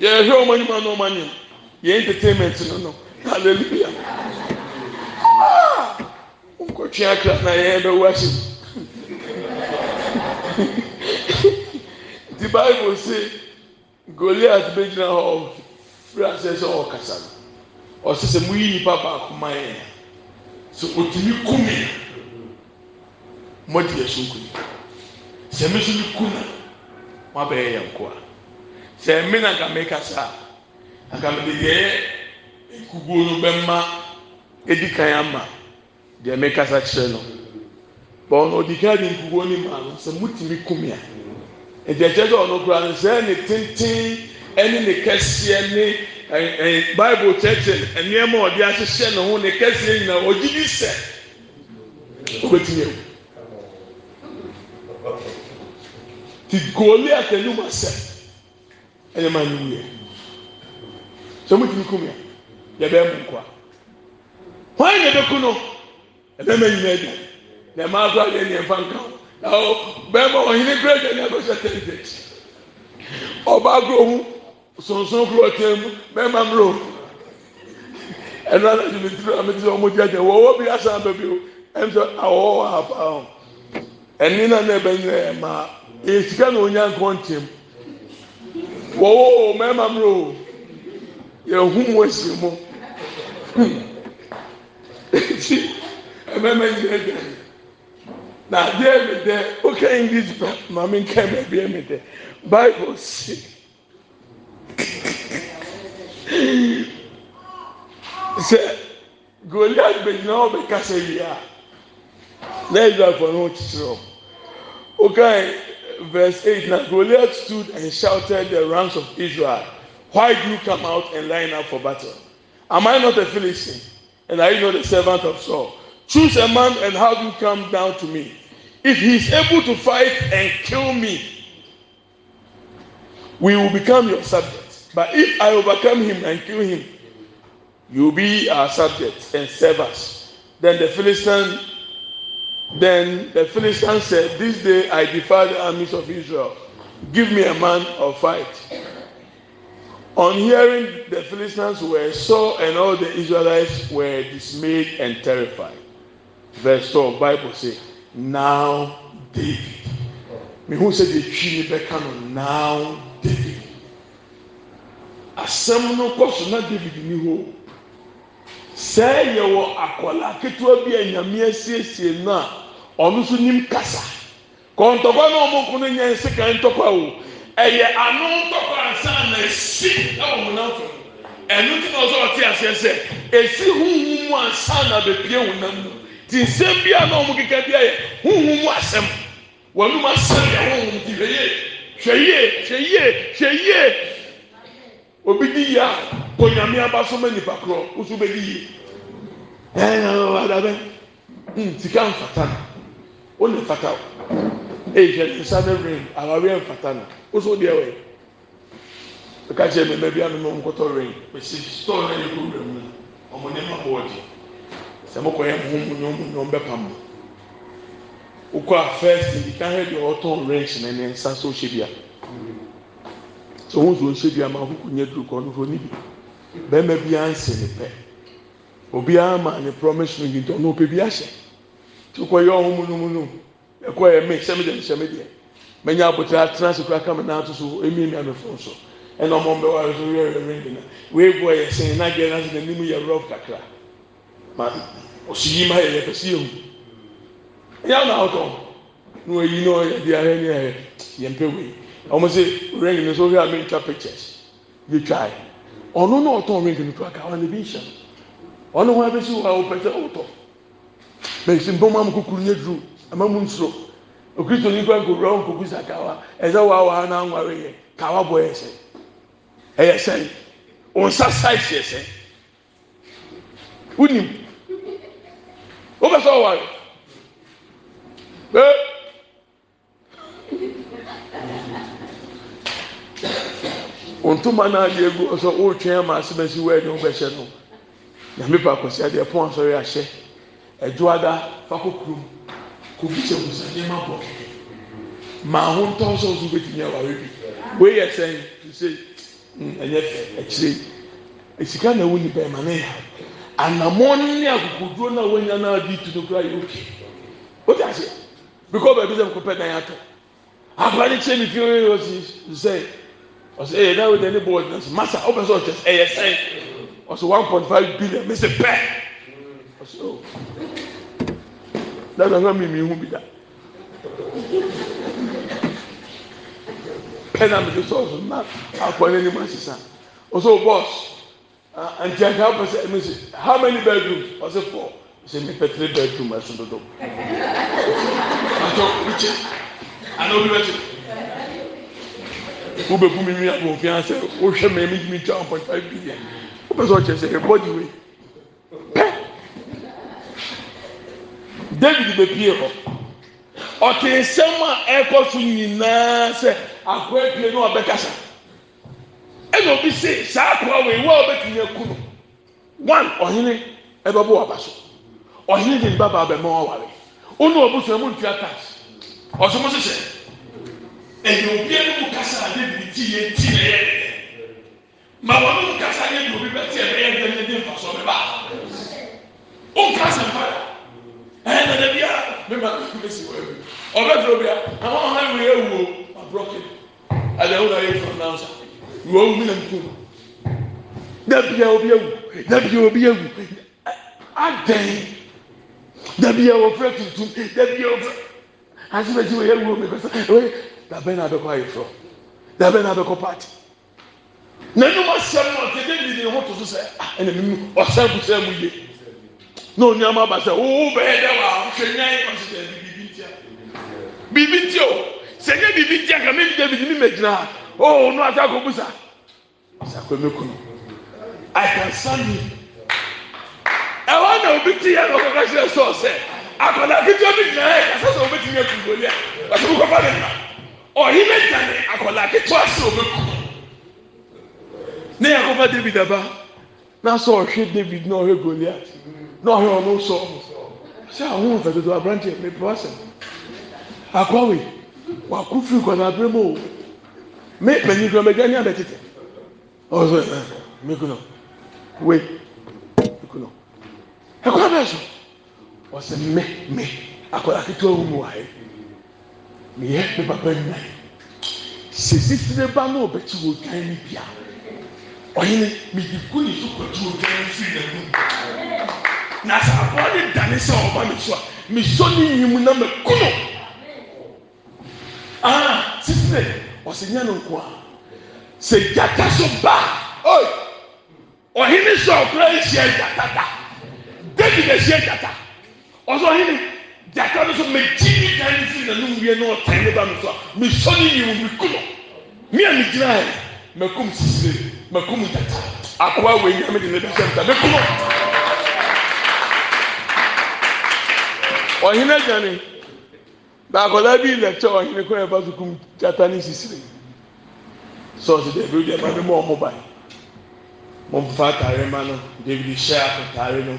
yɛhwɛ wɔn anim a wɔn anim yɛ entertainment no no hallelujah ah nkotwe akra na yɛn bɛ wɔakyi the bible say goliath bɛ gyina hɔ fira sɛ sɛ ɔkasa no ɔsɛ sɛ mo yi nipa baako ma yɛ so otumi kumi mo di ɛso nkumi sɛ mi so mi kuna mo abɛyɛ yɛn nkoa sɛ mme na nka mekasa nka mede deɛ kukuo no bɛma edi kan ama deɛ mekasa kyerɛ no bɔn odi kan de nkukuo no ma no sɛ mutumi kumia ɛdi ɛkyɛ sɛ ɔno kura no sɛ ne tenten ɛne ne kɛseɛ ne ɛɛ ɛɛ bible kyerɛkyerɛ nneɛma ɔde ahyehyɛ ne ho ne kɛseɛ nyinaa ɔgye bi sɛ ɔbɛtumi ewu ti goliath anim asɛ ɛyɛ maa ni wuyɛ sɛ mo tumi kum yɛ yɛ bɛ mu nkwa wɔn yɛ bɛ ku no ɛbɛrima nyinaa di na ɛma akɔ ayɛ nea ɛfa nka ho na ɔ bɛrima ɔhene kura gya ne abɛhyɛ tɛntɛnt ɔbaa kura ohu sonson kura ɔtɛn mu bɛrima muro ɛnu anadu mi tiri ame ti sɛ ɔmo gyagya wɔwɔ bi asan bɛbi o ɛnso awɔwɔ wɔ afa ho ɛni na ne bɛ nyina yɛ maa esika na onyaa nkɔn kyɛn mu wɔwɔ mɛma mmerɛ o yɛhu mu esi mu eti mɛma nyina dɛ na adeɛ mi dɛ oke english ba maame nka baabi mi dɛ bible si sɛ goliath bɛgyina hɔ bɛkasa wie a na israelfoɔ no ho kyekyere hɔ oke. verse 8 Now Goliath stood and shouted the ranks of Israel, Why do you come out and line up for battle? Am I not a Philistine? And are you not a servant of Saul? Choose a man and have him come down to me. If he is able to fight and kill me, we will become your subjects. But if I overcome him and kill him, you will be our subjects and serve us. Then the Philistine then the Philistines said, This day I defy the armies of Israel. Give me a man of fight. On hearing the Philistines were so, and all the Israelites were dismayed and terrified. Verse 12, Bible says, Now David. Mehu sɛ de twi ne now David. Asɛm no kɔ na David ni hoo. sɛ yɛwɔ akɔla ketewa bi a nyamea siesie no a ɔno nso nim kasa kɔntɔkwa na ɔmo ko no nyɛ nsekan ntɔkwa o ɛyɛ ano ntɔkwa ansan na esi ɛwɔ mo nan fam ɛno ti na ɔsɛ ɔte aseɛ sɛ esi huhu mu ansan na bepie wɔn nan mu ti nsɛm bi a na ɔmo keka bi ayɛ huhu mu asɛm wɔn mu asɛm yɛ huhu mu ti hwɛ yie hwɛ yie hwɛ yie hwɛ yie. obi di yie a kò nyame aba so ma nipa korɔ nso bɛ di yie ɛn na ɔba da ntika nfata na o na nfata o eyi hwɛ nsa ne rain nfata na o deɛ wɛ ɛka kyerɛ mɛmɛ bi anum ɔmo rain pèsè store yɛ ɔmo ma bɔɔ sɛ mo mo bɛ pam a fɛs hɛ deɛ ɔtɔn rain ne nsa so hyɛ ohun zuo nhyɛ dua ma akoko nyɛ duro kɔ nufo ne bi bɛrima bi ansi ne pɛ obi ama ne promise no yintɔ na ope bi ahyɛ tí o kɔ yɛ ɔmo munumunu ɛkɔ yɛ mi hyɛmi deɛ hyɛmi deɛ mɛnyɛ abotire atena ase kura kama n'ato so emi emi amefo so ɛna ɔmo mbɛ wa so yɛ yɛ ringi na wee bɔ yɛ sɛn na gɛrɛ na sɛ mu yɛ rɔb kakra ma ɔsi yi ma yɛ yɛ pɛsi yɛ hu ɛyɛ ɔna ɔtɔ na oyi na ɔyɛ di ahɛ ni ɛyɛ yɛ mpɛ wei wɔn sɛ ring no so hwɛ a mi n twa pictures bi twa yi ɔno na ɔtɔn ring no kura ka ɔno bi nhyɛ ɔno ho abɛsi hɔ a ɔpɛ sɛ ɔtɔ mɛsi mpɔmɔ amu kukuru yɛ duro ama mu nsoro okirito nipa nkowura wɔn kuku sa kawa ɛsɛ waa waa na anware yɛ kawa bɔ yɛ sɛ ɛyɛ sɛ ɔnsa size yɛ sɛ wunim wọ́pẹ́ sọ wà rẹ̀ ẹ́ ntoma naa de egu ɔsɔ ɔretwɛn ama asemasi wɔ ɛni ɔbɛhyɛ no nyame pa akɔsi adeɛ pɔn asɔre ahyɛ ɛdwoada fakɔ kurom kofi kyɛ musa nneɛma bɔ maa ho ntɔn sɛ ɔso betumi awari bi wei yɛ sɛn to se ɛnyɛ fɛ esika na ewu ni bɛrima ne ya anamɔn ne akokoduro na wɔnya naa di tu no kura yɛ oke o ti ase bikɔ baabi sɛ nkɔpɛ dan atɔ abali kyɛn mi fi oye osi sɛ. sɛyɛdaenebodns masa wopɛ sɛ ɔ ɛyɛ sɛn ɔs 1.5 billion mese pɛ a memiho bi da pɛ na metesɛso na aannim ahyesan ɔsɛbɔsnawpɛsɛ how many bedroom ɔse fɔ sɛ mefɛ3re bedroom asododɔmn wobɛbu mi nwi abɔnfin asɛ wohwɛ mɛ mi mi two point five billion wopɛ sɛ ɔkyɛ sɛ ɛbɔ di wei pɛ david bepie hɔ ɔte nsɛm a ɛkɔ so nyinaa sɛ akɔ ebie na ɔbɛkasa ɛna obi se saa akɔa wei wo a ɔbɛtumi aku no one ɔhene ɛbɛbɔ waba so ɔhene de ne ba ba abɛma ɔware ɔno ɔbusua mu ntua tax ɔsɔmɔ sisɛ ɛyɛ obi a mu kasa a david ti yɛ ti na yɛ dɛ ma wɔn mu kasa yɛ di obi bɛti ɛbɛ yɛ dɛ ne de nfa so bɛba o kasa mpa la ɛyɛ dɛdɛ bia mi ma mi bɛ si wɔ ebi ɔbɛ duro bia àwọn ɔmọ mi yɛ wo ma brɔkɛ ɛdɛwò na yɛ fún náà sa wò ó mi na nkú dabi a obi ewu dabi a obi ewu adɛn dabi a wɔfrɛ tuntum dabi a wɔfrɛ asibɛti wo yɛ wo mi kasa dabɛn na abɛkɔ ayɛforɔ dabɛn na abɛkɔ paati n'anum asɛm no ɔtɛ david ne ho to so sɛ ɛna ah, mu ɔsɛn ko sɛn mu yie na onua ma ba sɛ oo oh, oh, bɛyɛ dɛ wa ahwɛ nyan ɔsi sɛ bibi ntia bibi ntia o sɛ nye bibi ntia kame david mi mɛ gyina ha oo onu ata ko busa ɔsɛ akɔ mɛ kunu i can stand you ɛwɔ na obi ti yɛ ɔkɔ kakyɛ sɛ ɔsɛ akɔla ketewa bi gyina yɛ kasa sɛ obi ti yɛ kunkoli a ɔsɛ kɔkɔ fa ɔyemɛgame akɔdaketoasɛ omɛkum ne yɛkɔfa david aba na sɛ ɔhwɛ david ne ɔhwɛ goliat ne ɔhɛ ɔ no wsɔ sɛ aɔho kɛtodo abrante mebasɛn akawe wɔako firi kadaaberɛ mɔo me banikuramɛgane abɛtetɛ smekn ei kn ɛkoa bɛɛ so ɔ sɛ me me akɔdaketeawɔ mu whe ne yɛ me baba nyu sisi tire ba na ɔbɛkyi wɔ dwan ne bia ɔyene mede gu ne so kɔkyi wɔ dwan ne firi n'anim na sɛ aboa ne dane sɛ ɔba me so a mesɔ ne mu na mɛko no ah sisi ne ɔsɛ nya no nko a sɛ gyata so ba oi ɔhene sɛ ɔkora ahyia gyata da david ahyia gyata ɔsɛ ɔhene gyata no so megyi ni kan firi n'anum wie na ɔtan ne ba no so a mesɔ ne yi wo meku no me a megyina yɛ makum sisire makum gyata akoa wɔ enyia me de ne bɛhyɛ nta meku no ɔhene agyane na akwadaa bi lɛkyɛ ɔhene kɔn ɛfa so kum gyata ne sisire sɔɔsi dɛ ebi deɛ ma ne mu ɔmo ban mo nfa ataare ma no david hyɛ ataare no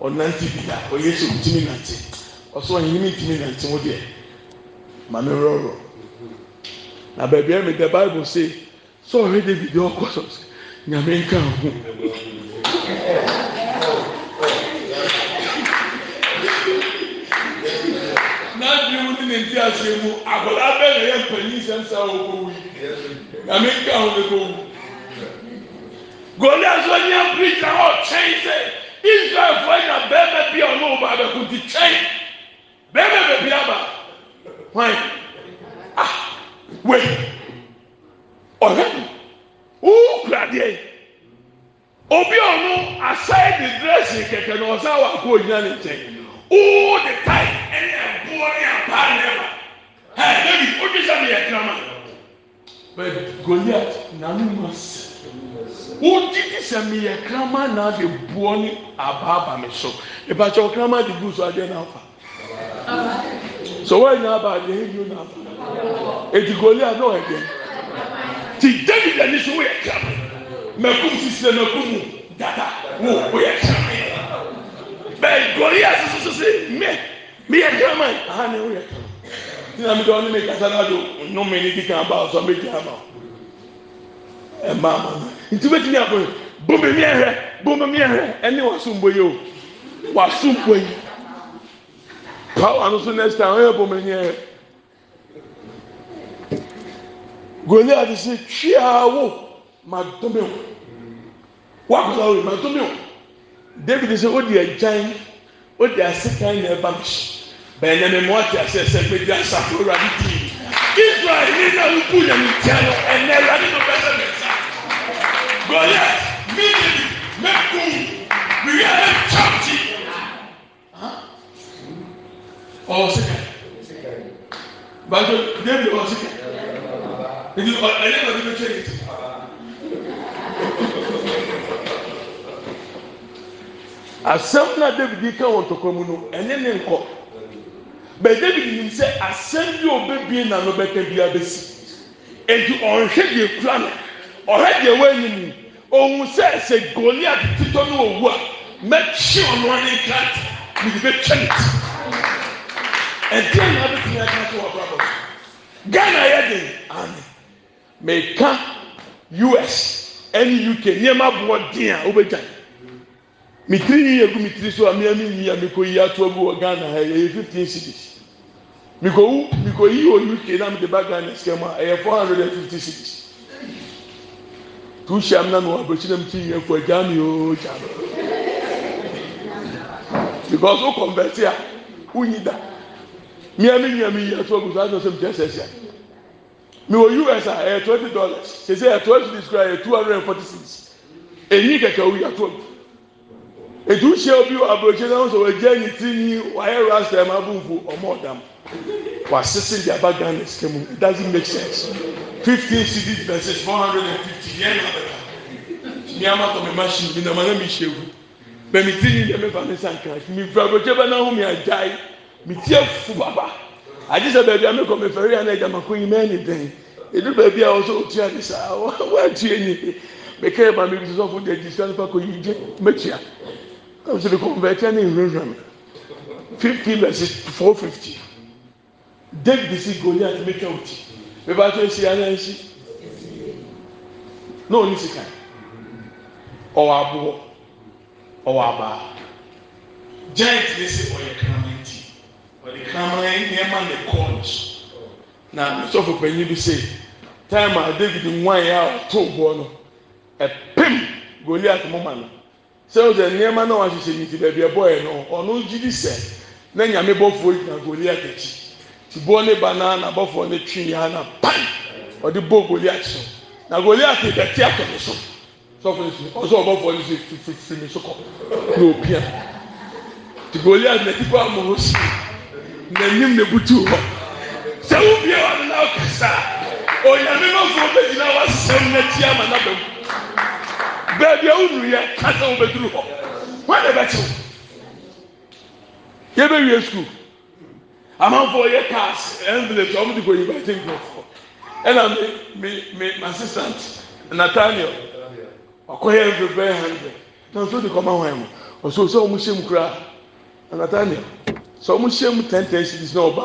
ɔnante bi da ɔyɛ sɛ ɔtumi nante ɔsɛ ɔnyi mi tumi nante ho deɛ maame rɔrɔ na baabi ɛmi the bible say sɛ ɔhwɛ david ɔkɔ sɔ nyame nka ho n'adi mu ni ne ti ase mu akwadaa bɛɛ na yɛ mpanyin sɛnsa a ɔkɔ wu nyame nka ho ne kɔ wu goliath sɔ nyɛ pirikyi na ɔkyɛn sɛ israel fɔ ɛna bɛrɛ bɛ bi a ɔno ɔba abɛko ti kyɛn bẹẹma bẹbi aba wọn ah wei ọhẹ wúkúra deɛ obi a ɔno asae de dírẹ́sì kẹ̀kẹ́ na ɔsan wà kó onyina ne nkyɛn wúwú de tae ɛne ɛboɔ ne apaa ne ɛma bẹbi o ti sɛ ne yɛ kirama bẹbi goliath nanu ma sè wogyi ti sɛ meyɛ krama na de boɔ ne abaaba me so ìbàtsɛ ɔkrama de gu so adeɛ n'afa sọwọ́ ẹ̀yìn abàdé ẹ̀yìn ọ̀nà ẹ̀dìgọ́lé àná ẹ̀dẹ́ ti david ẹni sọ wọ́n yẹ kíá mẹ́kùm sisi ẹ̀ mẹ́kùm mu dada wọ́n ò yẹ bẹ́ẹ̀ mi yẹ ni yẹ àmì ní mi kásá náà do nù mí ní bá ọ̀sán méjì àmà ẹ̀ mọ̀ ti ní àpò bùnmi mi power no so nex time ɔyɛ pomnenyɛrɛ goliat sɛ tweawo madome ho wokosawoe madome ɔ david sɛ ode agyan ode asekan neɛbans bɛt ɛnɛmemmoateasɛsɛkpɛdia nsafowrade di isral ninawuu ntɛno ɛnɛ adeɛɛmsa goliat m mɛm tat ɔwɔ sika banjo uh, david ɔwɔ sika nti ɔ ɛyɛ ma bi bɛ twɛ yi ti asɛm na david yi ka wɔn tɔkwa mu no ɛne ne nkɔ bɛ david nim sɛ asɛm bi a ɔbɛbie na no bɛka bi abɛsi eti ɔnhwɛ deɛ kura no ɔhwɛ deɛ wɔanyim ohun sɛ sɛ goliath titɔ no owu a mɛtwi ɔno ɔne nkrata ne de bɛtwa ne ti ɛnti a na abɛtumi aka to wɔbra bɔ ghana yɛ de ani mɛka us ɛne uk nneɛma aboɔ den a wobɛgya mitiri yi yɛ gu mitiri so a miami yi a miko yi ato agu wɔ ghana ha yɛ fifteen cities miko wu miko yi wɔ uk na mi de ba ghana sikɛ mu a ɛyɛ four hundred and fifty cities tuuhyia mu na mi wɔ abirikyi na mi ti yɛ kɔ gya mi ooo gya mi because o convert a wunyi da miami miami yɛ to agu so asan sɛ mutɛ sɛsɛ mi wɔ us a ɛyɛ twenty dollars sese ɛyɛ twenty dollars kura ɛyɛ two hundred and forty six enyi kɛkɛ owu yɛ to agu etu hyɛ obi wɔ aburokye náà sɛ wɔagya ne ti nyi wɔayɛ rasta ɛma abumfu ɔmo ɔdam wɔasese de aba ghana sika mu it doesn't make sense fifteen cities versus four hundred and fifty yɛn na bɛka ní ama tɔ mi machine bi na ma na mi hyɛ egu bɛmi ti nyi yɛ mi fa ne sankan mi fura aburokye bɛ n'ahomi agyae mìtí efu bàbà àjíṣe bẹẹbi àmì kọ mẹfẹrí àná ẹjà màkó yìí mẹ́ni dẹ́n èdè bẹẹbi àwọn sọ òtún àmì sá wọ́n àti ẹ̀yìn mẹkẹ́ ẹ̀ màmí bisọ́ fún dẹ̀ jìṣẹ́ nípa kò yìí jẹ́ mẹ́tìá ẹ̀ sọ kò bẹ̀ tẹ́ ní ìrìnrìn mi fifty versus four fifty david sí goli àti mẹkẹ́ òtì bẹ́ẹ̀ bá tó ṣe àná ẹ̀ sí náà ní sìkà ọ̀wọ́ abọ́ ọ̀wọ́ àbá giant ní sè ọ̀yẹ̀ kàn mí kraman nneɛma ne kɔns na sɔfo panyin bi sɛ taim a david nwan a ɔto boɔ no ɛpem goliath moma no sɛ ɔsɛ nneɛma na wahyehyɛ ne ti baabi ɛbɔɛ no ɔno gyi di sɛ na nyame bɔfoɔ gyina goliath akyi ti boɔ ne ba na na bɔfoɔ ne twi ya na pan ɔde bɔ goliath so na goliath bɛte atɔ ne so sɔfo ne so ɔsɛ ɔbɔfoɔ ne so fifiri ne so kɔ na opia ti goliath na ti kɔ amoro si n'anim na ebutu hɔ sɛ wubie wa no na ɔkasa onyame nɔfo bɛgyina wasɛm n'akyi ama n'aba mu beebi a wunu yɛ kasa wo bɛduru hɔ wɔn na bɛkyew yɛbɛwie sukuu amanfoɔ yɛ cars envelopes wɔn de kɔ yi bɛgye nkurɔfoɔ ɛna mi mi mi my assistant nathaniel ɔkɔ yɛ nfɛfɛ hundred na nso de kɔma wɔn mu ɔsɔ sɛ wɔn hyɛ mu koraa. Nathaniel sọ wọn hyɛ mu ten ten cities náà ɔba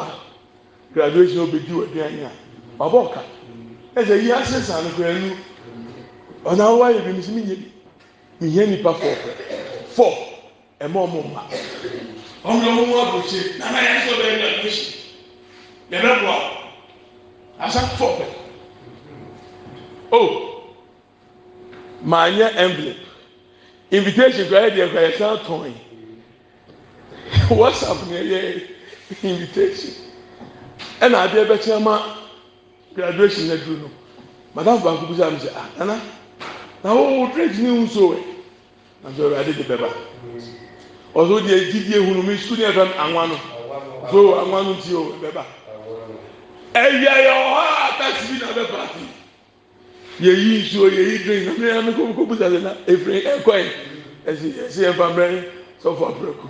graduation obedi wɔ aduane a ɔbɔ ɔka ɛsɛ yi ase san no kura nu ɔna awa yɛ bi mi si mi nye bi mi nye nipa fɔ fɔ ɛmɛ ɔmo mma ɔmo na ɔmo mu abɔkye nana yɛn nso bɛyɛ graduation yɛ bɛ bɔ asa fɔ bɛ o maa nye envelope invitation kura yɛ deɛ kura yɛ san tɔn yi. whatsapp na ɛyɛ invitation ɛna adeɛ bɛkyerɛ ma graduation na duro no madam baako bi sɛ sɛ ah nana na ni nso ɛ na sɛ de deɛ mi anwa no so anwa no ti o bɛba ɛyɛ yɛ ɔhɔ taxi bi na bɛ paati yɛyi nsuo yɛyi drink na mi yɛ bu sase na efirin ɛkɔɛ ɛsi ɛsi sɔfo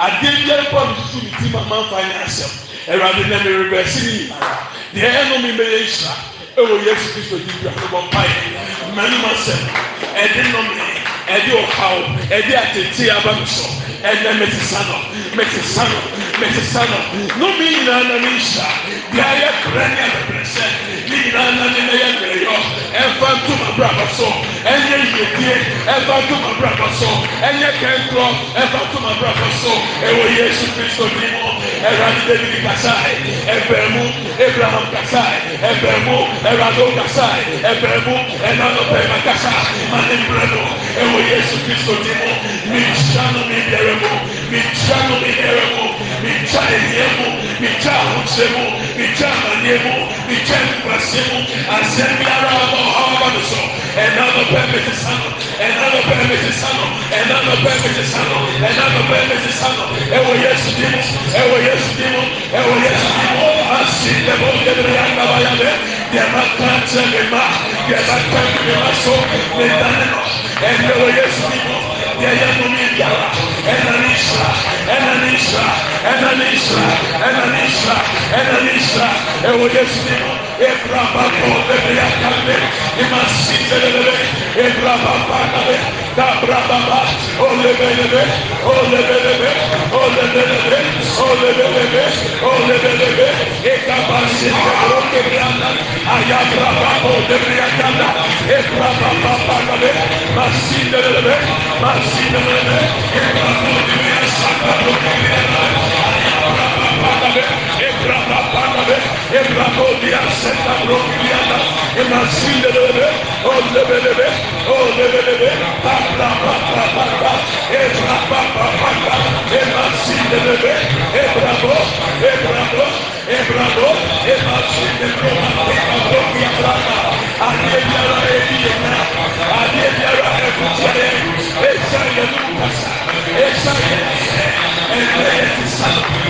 adeɛ biara kɔ ne tutu ne ti ma ma nfa ne asɛm awurade na mi rebɛ si ne nyinara deɛ ɛno mi bɛyɛ nhyira ɛwɔ yesu kristo di bi ahobɔ mpaeɛ mmarima asɛm ɛde nnɔmɛ ɛde ɔhaw ɛde atete aba mi so ɛnɛ mɛte sa no mɛte sa no mɛte sa no nnɔmɛ nyinaa na mi nhyira. nayɛ korɛnyɛ mɛbrɛsɛ ne yinana ne nɛyɛ kɛɛyɔ ɛfa tomabrakɔso ɛnyɛ yiyetie ɛfantomabrabɔson ɛnyɛ kɛnkɔ ɛfa tomabrakɔso ɛwɔ yesu kristo nimɔ ɛrane david kasae ɛfɛmu abraham kasae ɛfɛmu ɛradow kasae ɛbɛmu ɛnanɔpɛma kasa manembrɛno ɛwɔ yesu kristo ni mɔ minsanomeibiarɛ mɔ o Hallelujah. Έναν Ισρα, έναν Ισρα, έναν Ισρα, έναν Ισρα, έναν Ισρα. Εγώ Είμαστε Τα μπραπαπά. Ολεβελεβε. Ολεβελεβε. Ολεβελεβε. Ολεβελεβε. Ολεβελεβε. Εκαπάσαι καπρό και βριακαλέ. Αγιά μπραπαπότε βριακαλέ. Εμπραπαπάκαλε. Μας Here comes the new ebraoiaroa ema ear eaaaar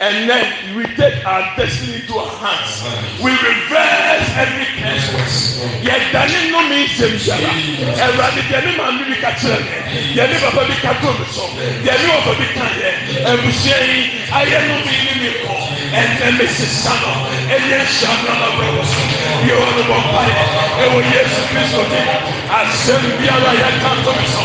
and then we take our destiny into our hands. We reverse every curse Yet Yẹ̀dani nù mí ṣe mi and Ẹ̀rọ̀dì yẹ̀ni màmí mi ka kyerẹ́ mi. Yẹ̀ni bàbá mi ka tó mi sọ. Yẹ̀ni ọ̀bẹ mi ka yẹ. Ẹ̀bùsẹ̀ yìí ayé nù mí ní and kọ̀. Ẹ̀nẹ́ mi sì sànà. Ẹ̀yẹ ṣàmì ọ̀nàmọ̀ ẹ̀wọ̀ sọ. Yẹ wọn ni wọn pa yẹ. Ẹ̀wọ̀ Yéṣu Kristo ní. Àṣẹ mi bí ara yẹ ká tó mi sọ.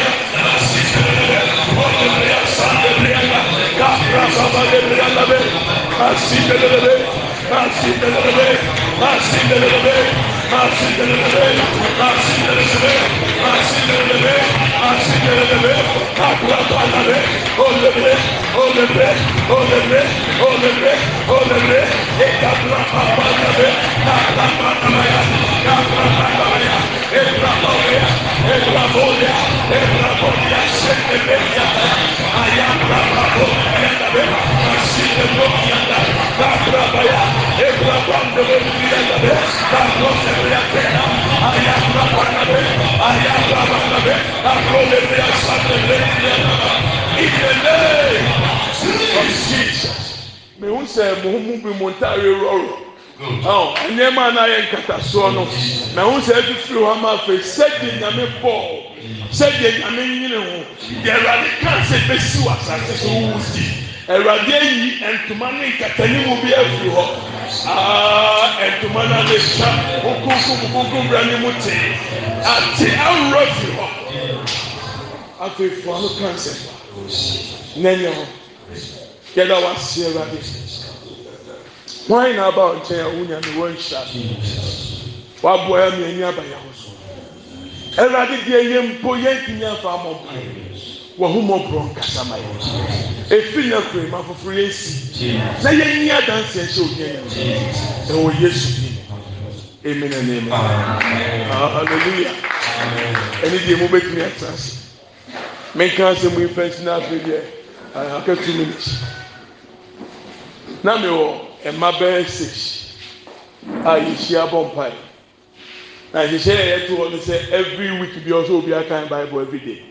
Kabalelelelebe, Kasilelelebe, Kasilelelebe, Kasilelelebe, Kasilelelebe, Kasilelelebe, Kasilelelebe, Kasilelelebe, Kaplatalebe, Olebre, Olebre, Olebre, Olebre, Olebre, Ekaplapapalabe, Kaplapatalebe, Kaplapatalebe, entra bolha, entra bolha, entra bolha, sente Aí allá pra bravo, entra bem, assim de andar. dá pra baiar, entra quando vem criada bem, dá doce de Aí allá pra banda bem, allá pra banda bem, dá prole de assante de criada, entendei? Jesus! Me unse muhumu bi montare roro. nneɛma no ayɛ nkatasoɔ no na ho sɛ afifiri hɔ ama afei sɛdeɛ nyame bɔɔ sɛdeɛ nyame nyene ho deɛ awurade kaa sɛ bɛsi wɔ asase so wowu si awurade ayi ntoma ne nkatani mu bi afiri hɔ ntoma no ade sa wo kunkum kunkum bra ne mu te ate aworɔ afiri hɔ afei foa no kaa sɛ na ɛnyɛ hɔ yɛda wɔaseɛ awurade ho na aba o nkyɛn awonyano wɔnhyad waboaa meani bayɛ ho so wurade deɛ yɛmpo yɛnkinyaafa amɔmpa whomborɔ nkasa mayɛ fino kima afoforɔ yɛsi na yɛniadanseɛ hyɛ oane ɛwɔ yɛ suni mi nonenaleluia ɛni deɛ mubɛtumi atra sɛ menka sɛ muimfa nsi no afɛ diɛ aka t minut na mewɔ mma bɛyɛ six a yɛhyia bɔ mpae na nhyehyɛ yɛ yɛto hɔ no sɛ every week bi ɔsɛ obi akan bible every day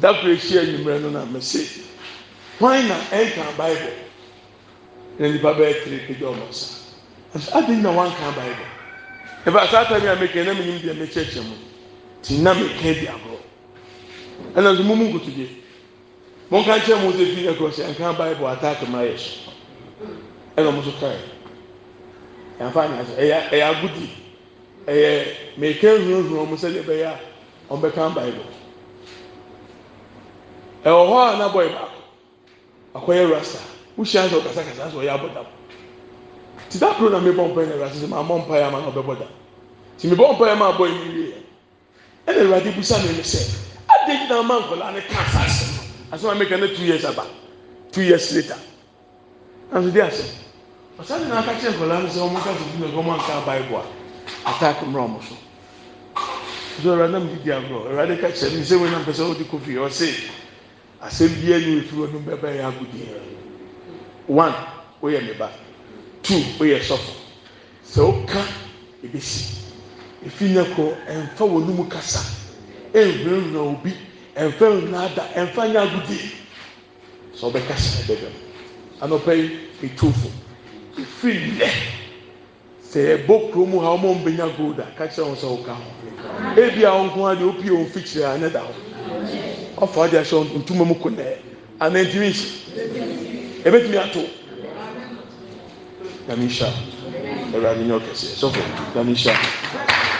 dapò ehyia enyimrɛ no na mɛsɛ wɔn na ɛnka bible na nipa bɛyɛ tiri kejì ɔmo sa adi na wɔn nka bible efa saa ata mi a mɛkɛ na mi nim deɛ mɛkyɛkyɛ mu ti na mɛkɛ di agorɔ ɛna nso mu mu nkutu die mo nka nkyɛn mu sɛ fi ɛkɔ sɛ nka bible ataaki mu ayɛ so ɛna ɔmo nso kae yàfa nyaase ɛyɛ ɛyɛ agudi ɛyɛ mèké ehunahun ɔmo sɛ ɛyɛ bɛyɛ a ɔmo bɛka baibu ɛwɔ hɔ a n'abɔ yɛ baako akɔyɛ rasta wuhyia sɛ ɔkasakasa sɛ ɔyɛ abɔdam ti da kuro na mi bɔ mpae na ɛwɔ asese maa mɔ mpae ama na ɔbɛbɔ da ti mi bɔ mpae ama abɔ yi mi wie ɛna ɛwurade busa mi mi sɛ adi gyina ama nkɔla ne kaa asase asɛm a mi ka ne two years aba two years later nanso di asɛm ɔsan nyinaa aka kyerɛ nkɔla no sɛ wɔn nka sukuu nkɔm anka baibu a atak mmerɛ wɔn so so ɛwurade nam didi agorɔ ɛwurade ka kyerɛ ne nsɛm nam pɛsɛ ɔde kofi ɔse asɛm bi ɛni efiri ɔnum bɛbɛ yɛ agudi one oyɛ ne ba two oyɛ sɔfo sɛ ɔka ebesi efi ne kɔ ɛnfa wɔn mu kasa ɛnwinwina obi ɛnfa nwina ada ɛnfa nyɛ agudi sɛ ɔbɛkasa ɛbɛbɛm anɔpɛ yi etu fo firi nɛ sɛ ɛbɔ kuro mu ha ɔmo mbɛnya gold a kakyɛ wɔn sɛ ɔka ho ebi a ɔnko ha deɛ opie wɔn fikyiri a ne da ho ɔfa ɔde ahyɛ ntoma mu ko nɛ ana nhyɛ ebetumi ato nyame nhyɛ awurade nyɛ ɔkɛseɛ sɔfo nyame